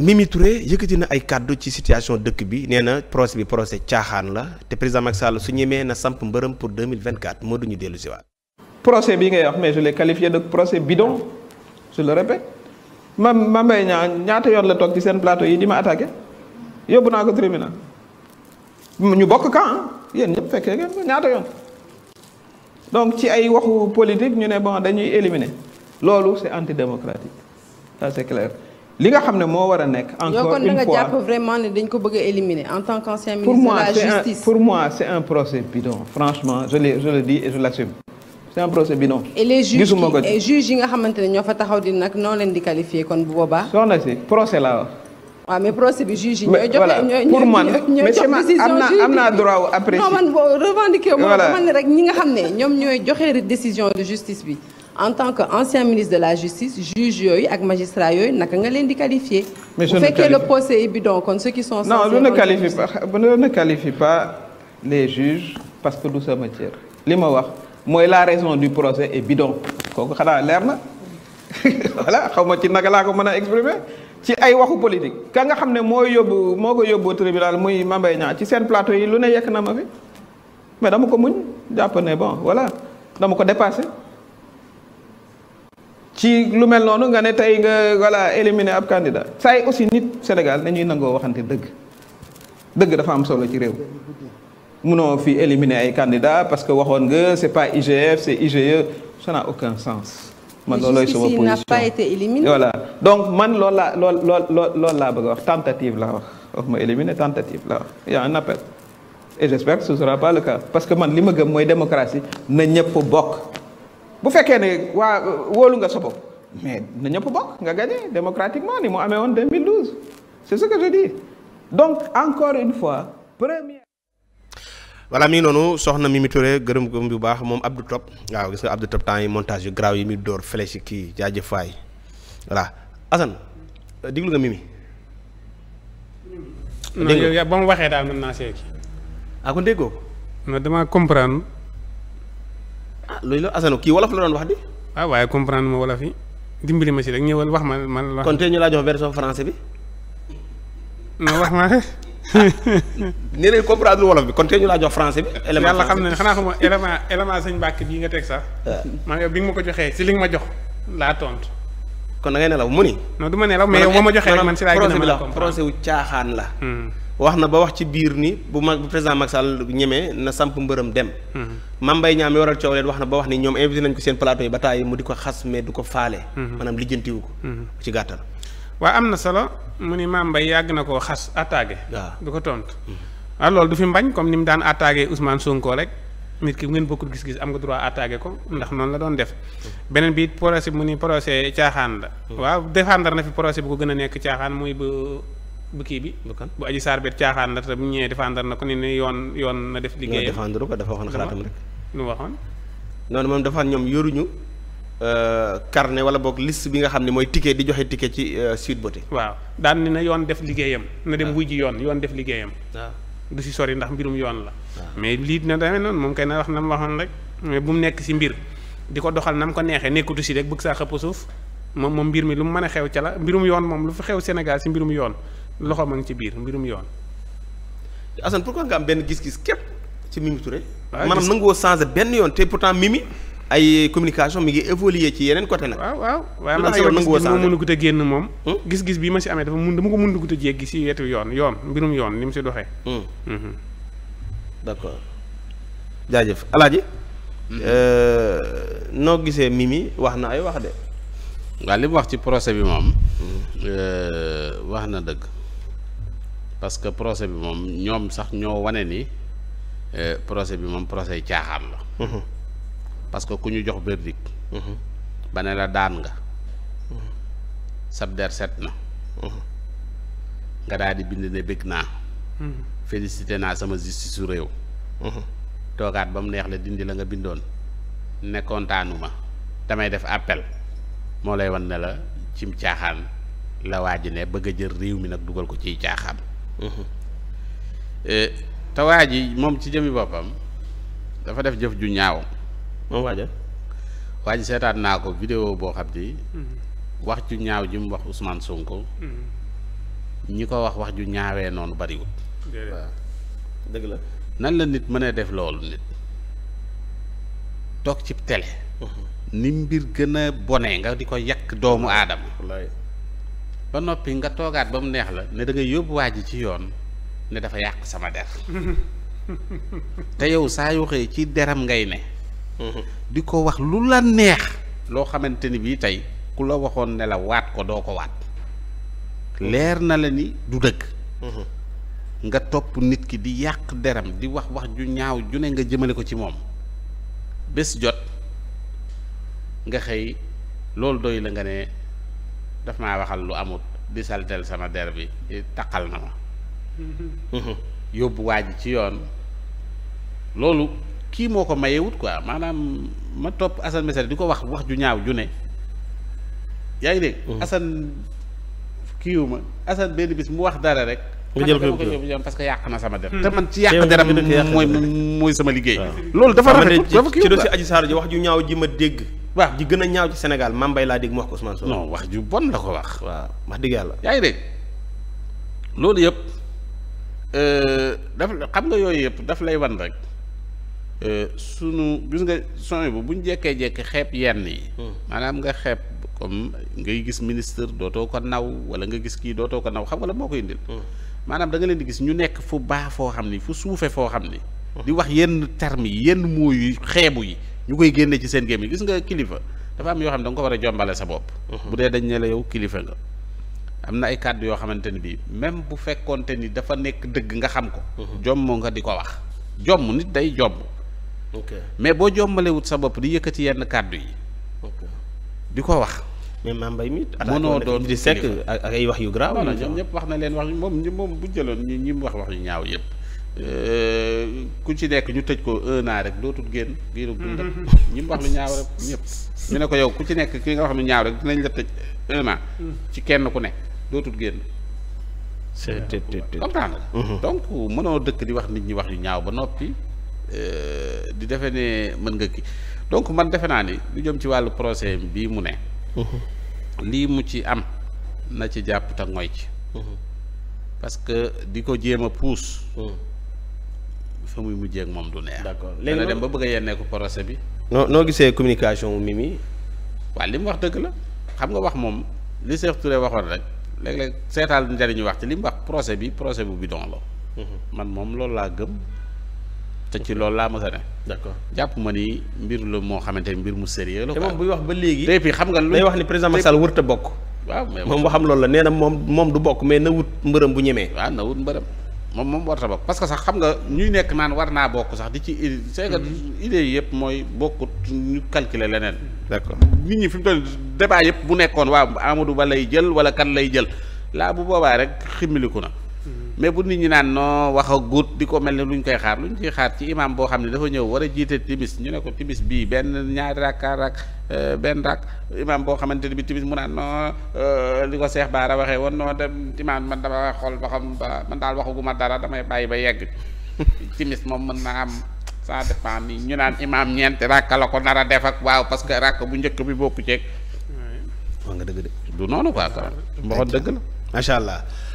Mimi Touré yëkkati na ay kàddu ci situation dëkk bi nee na procès bi procès caaxaan la te président Macky Sall su ñemee na samp mbërëm pour 2024 moo duñu dellu si waat procès bi ngay wax mais je l'ai qualifié de procès bidon je le répète ma ma mbay ñaa ñaata yoon la toog ci seen plateau yi di ma attaqué yóbbu naa ko tribunal ñu bokk kan ah, yéen ñëpp fekkee ngeen ñaata yoon donc ci ay waxu politique ñu ne bon dañuy éliminer loolu c'est antidémocratique ça c'est li nga xam ne moo war a nekk. encore une fois jàpp vraiment ne dañ ko bëgg a éliminer en tant qu'ancien ministre de la justice. pour moi c'est un procès bidon franchement je le je le dis et je yi nga xamante ne ñoo fa taxaw di nag noo leen di qualifier kon bu boobaa. soxna si procès laa wax. waaw mais procès bi juge yi ñooy joxe ñooy man mais c'est am naa rek ñi nga xam ne ñoom ñooy joxe décision de justice bi. en tant que ancien ministre de la justice juge yooyu ak magistrat yooyu naka nga leen di qualifier bu fekkee le procès est bidon kon ceux qui sont non je ne qualifie pas pas les juges parce que du sama cër li ma wax mooy la raison du procès est bidon kooku xanaa leer na voilà xaw ma ci naka laa ko mën a exprimer ci ay waxu politique ka nga xam ne moo yóbbu moo ko yóbbu tribunal muy Mame Mbaye Niang ci seen plateau yi lu ne yekk na ma fi mais dama ko muñ jàpp ne bon wala dama ko dépassé ci lu mel noonu nga ne tey nga voilà éliminer ab candidat saa yi aussi nit Sénégal dañuy nangoo waxante dëgg dëgg dafa am solo ci réew munoo fi éliminer ay candidats parce que waxoon nga c'est pas IGF c'est IGE ça n'a aucun sens. man loolooy voilà donc man loolu laa lool lool loolu laa bëgg wax tentative laa wax wax ma éliminer tentative laa wax y a un appel et j'espère que sera pas le cas parce que man li ma gëm mooy démocratie na ñëpp bokk. bu fekkee ne waa wóolu nga sa bopp mais na ñëpp bokk nga gagné démocratiquement ni mu amee woon 2012 c'est ce que je dis donc encore une fois première. voilà mi ngi noonu soxna mi Touré gërëm gërëm bu baax moom Abdou Top waaw gis nga Abdou Top temps montage yu graaw yi muy dóor flèche kii jaajëfaay voilà Assane diglu nga Mimi. dégg nga ba mu waxee daal mën naa see kii. ah kon dama comprendre. loolu la Assane kii wolof la doon wax di. waaw ah, waaye comprendre ma wolof yi dimbali ma si rek ñëwal wax ma man la. kon te ñu laa jox version français bi. wax ma rek. nee nañ bi kon tey ñu laa jox français bi. élément yàlla xam ne xanaa xamuma élément élément sëñ Mbàkke bii nga teg sax. Ah. man yow bi nga ma ko joxee si li nga ma jox laa tontu. kon da ngay nelaw mu ni. non ma nelaw mais yow moo ma joxee man si laay gën a mën a wu caaxaan la. Hmm. wax na ba wax ci biir ni bu mag bu président Macky Sall ñemee na samp mbërëm dem. Hmm. Mame Mbaye Niang mi waral coow leen wax na ba wax ni ñoom invité nañ ko seen plateau yi ba taay mu di ko xas mais du ko faale. Hmm. maanaam lijjantiwu ko. ci gàttal. waaw am na solo mu ni Mame Mbaye yàgg na koo xas attaqué. waaw du ko tontu. waaw ah, loolu du fi mbañ comme ni mu daan attaqué Ousmane Sonko rek. nit ki ngeen bokkul gis-gis am nga droit attaqué ko ndax noonu la doon def beneen bi procès mu ni procès caaxaan la mm. waaw défendre na fi procès bu ko gën a nekk caaxaan muy bu bu kii bi bu aji saar bet caaxaan la te bu ñëwee défendre na ko ni ni yoon yoon na def liggéey défendre ko dafa waxoon xalaatam rek lu waxoon noonu moom dafa ñoom euh, wala boog liste bi nga xam ne mooy ticket di joxe ticket ci euh, Sweet Beauté waaw daan ni na yoon def liggéeyam na dem ah. wuy ji yoon yoon def liggéeyam ah. du si sori ndax mbirum yoon la ah. mais lii dina demee noonu moom kay na wax na mu waxoon rek mais bu mu nekk si mbir di ko doxal na mu ko neexee nekkutu si rek bëgg sa xëpp suuf moom moom mbir mi lu mu mën a xew ca la mbirum yoon moom lu fi xew Sénégal si mbirum yoon loxo ma ngi ci biir mbirum yoon Assane pourquoi nga am benn gis-gis képp ci Mimi Touré maanaam nangoo changé benn yoon te pourtant Mimi ay communication mi ngi évoluer ci yeneen côté nag. waaw waaw waaye man sama gis-gis moo mënu moom. Hmm? gis-gis bii ma si amee dafa mun dama ko mun guta jéggi si wetu yoon yoon mbirum yoon ni mu si doxee. Hmm. Hmm. d'accord jaajëf Alaaji. Euh, noo gisee Mimi wax na ay wax de. waaw li mu wax ci procès bi moom. Euh, wax na dëgg. parce que procès bi moom ñoom sax ñoo wane ni euh, procès bi moom procès yi caaxaan la. parce que ku ñu jox verdict mhm. ba ne la daan nga mhm. sab der set na mhm. nga daal di bind ne bëgg naa félicité naa sama justice su réew toogaat ba mu neex la dindi la nga bindoon ne kontaanuma damay def appel moo lay wan ne la cim caaxaan la waa ji ne bëgg a jël réew mi nag dugal ko ciy caaxaan eh, te waa ji moom ci jëmi boppam dafa def jëf ju ñaaw moom waaja waaji seetaan naa ko vidéo boo xam ni mm-hmm. wax ju ñaaw ji mu wax Ousmane Sonko mm-hmm. ñi ko wax wax ju ñaawee noonu bariwul la nan la nit mën a def loolu nit toog ci télé mm-hmm. ni mbir gën a bonee nga di ko yàq doomu aadama ba noppi nga toogaat ba mu neex la ne da yóbbu waa ji ci yoon ne dafa yàq sama der te yow saa yoo xëy ci deram ngay ne di ko wax lu la neex loo xamante ni bii tey ku la waxoon ne waat ko doo ko waat leer na la ni du dëkk nga topp nit ki di yàq deram di wax wax ju ñaaw ju ne nga jëmale ko ci moom bés jot nga xëy loolu doy la nga ne daf maa waxal lu amut di saltel sama der bi taqal na ma yóbbu waa ji ci yoon loolu kii moo ko wut quoi maanaam ma topp Assane Mesere di ko wax wax ju ñaaw ju ne yaa ngi dégg. Mm. Assane kiiwu ma Assane benn bis mu wax dara rek. nga jël ko parce que yàq na sama der. Mm. te man ci yàq deram mooy mooy sama liggéey. loolu dafa rafetlu dafa kii ci dossier Adji Sarr ñaaw ji ma dégg. waaw ji gën a ñaaw ci Sénégal Mame Mbaye laa dégg wax ko Ousmane Sonko. non wax ju bon la ko wax. waaw wax dëgg yàlla. yaa ngi dégg loolu yëpp euh, dafa xam nga yooyu yëpp daf lay wan rek. sunu gis nga son bu buñ jekkee jekkee xeeb yenn yi. Hmm. maanaam nga xeeb comme ngay gis ministre dootoo ko naw wala nga gis kii dootoo ko naw xam nga la moo ko indil. Hmm. maanaam danga leen di gis ñu nekk fu baax foo xam ni fu suufe foo xam ni. Hmm. di wax yenn termes yi yenn mots xeebu yi ñu koy génne ci seen gémmiñ gis nga kilifa dafa am yoo xam ne da ko war a jombale sa bopp. bu dee dañ ne la yow kilifa nga. am na ay kàddu yoo xamante ni bii même bu fekkonte ni dafa nekk dëgg nga xam ko. jomm nga di ko wax jomm nit day jomm. mais boo jombalewut sa bopp di yëkkati yenn kàddu yi. di ko wax. mais Mame Mbaye mi. mënoo doon di sekk ak ay wax yu grave. non ñoom ñëpp wax na leen wax moom moom bu jëloon ñi ñi mu wax wax yu ñaaw yëpp. Euh, ku ci nekk ñu tëj ko un rek dootul génn. biiru dundam ñi mu wax lu ñaaw rek ñëpp. ñu ne ko yow ku ci nekk ki nga wax lu ñaaw rek dinañ la tëj un mm. ci kenn ku nekk dootul génn. c'est mm-hmm. mënoo dëkk di wax nit ñi wax yu ñaaw ba noppi. Euh, di defe ne mën nga ki donc man defe naa ni lu jëm ci wàllu procès bii mu ne mhm. lii mu ci am na ci jàpp te ngoy ci mhm. parce que di ko jéem a puus mhm. fa muy mu ak moom du neex d'accord léegi dem ba bëgg a yennee ko procès bi no noo gisee communication mi mi li mu wax dëgg la xam nga wax moom li Cheikh Touré waxoon rek léeg-léeg seetaal njariñu wax ci li mu wax procès bi procès bu bidon la man moom loolu laa gëm te ci loolu laa mos a ne. d'accord jàpp ma ni mbir la moo xamante ni mbir mu sérieux la. te buy wax ba léegi. et puis xam nga lu day wax ni président Macky Sall wërta bokk. waaw mais moom waxam loolu la nee na moom moom du bokk mais na wut mbërëm bu ñemee. waaw na wut mbërëm moom moom warta bokk parce que sax xam nga ñuy nekk naan war naa bokk sax di ci mm-hmm. idée. c'est yi yëpp mooy bokkut ñu calculer leneen. d'accord nit ñi fi mu toll débat yëpp bu nekkoon waa amadu Ba lay jël wala kan lay jël laa bu boobaa rek ximiliku na. mais bu nit ñi naan noo wax a guut di ko mel ne lu ñu koy xaar lu ñu koy xaar ci imam boo xam ne dafa ñëw war a jiite timis ñu ne ko timis bii benn ñaari rakka rak euh, benn rak imam boo xamante ni bi timis mu naan noo euh, li ko Seex Baara waxee woon noo dem imam man dama xool ba xam ba man daal waxaguma dara damay bàyyi ba yegg timis moom mën naa am ça dépend ni ñu naan imam ñeenti rakka la ko nar def ak waaw parce que rakk bu njëkk bi bokku ceeg. waaw nga dëgg de. du noonu quoi. mboxoon dëgg la macha allah.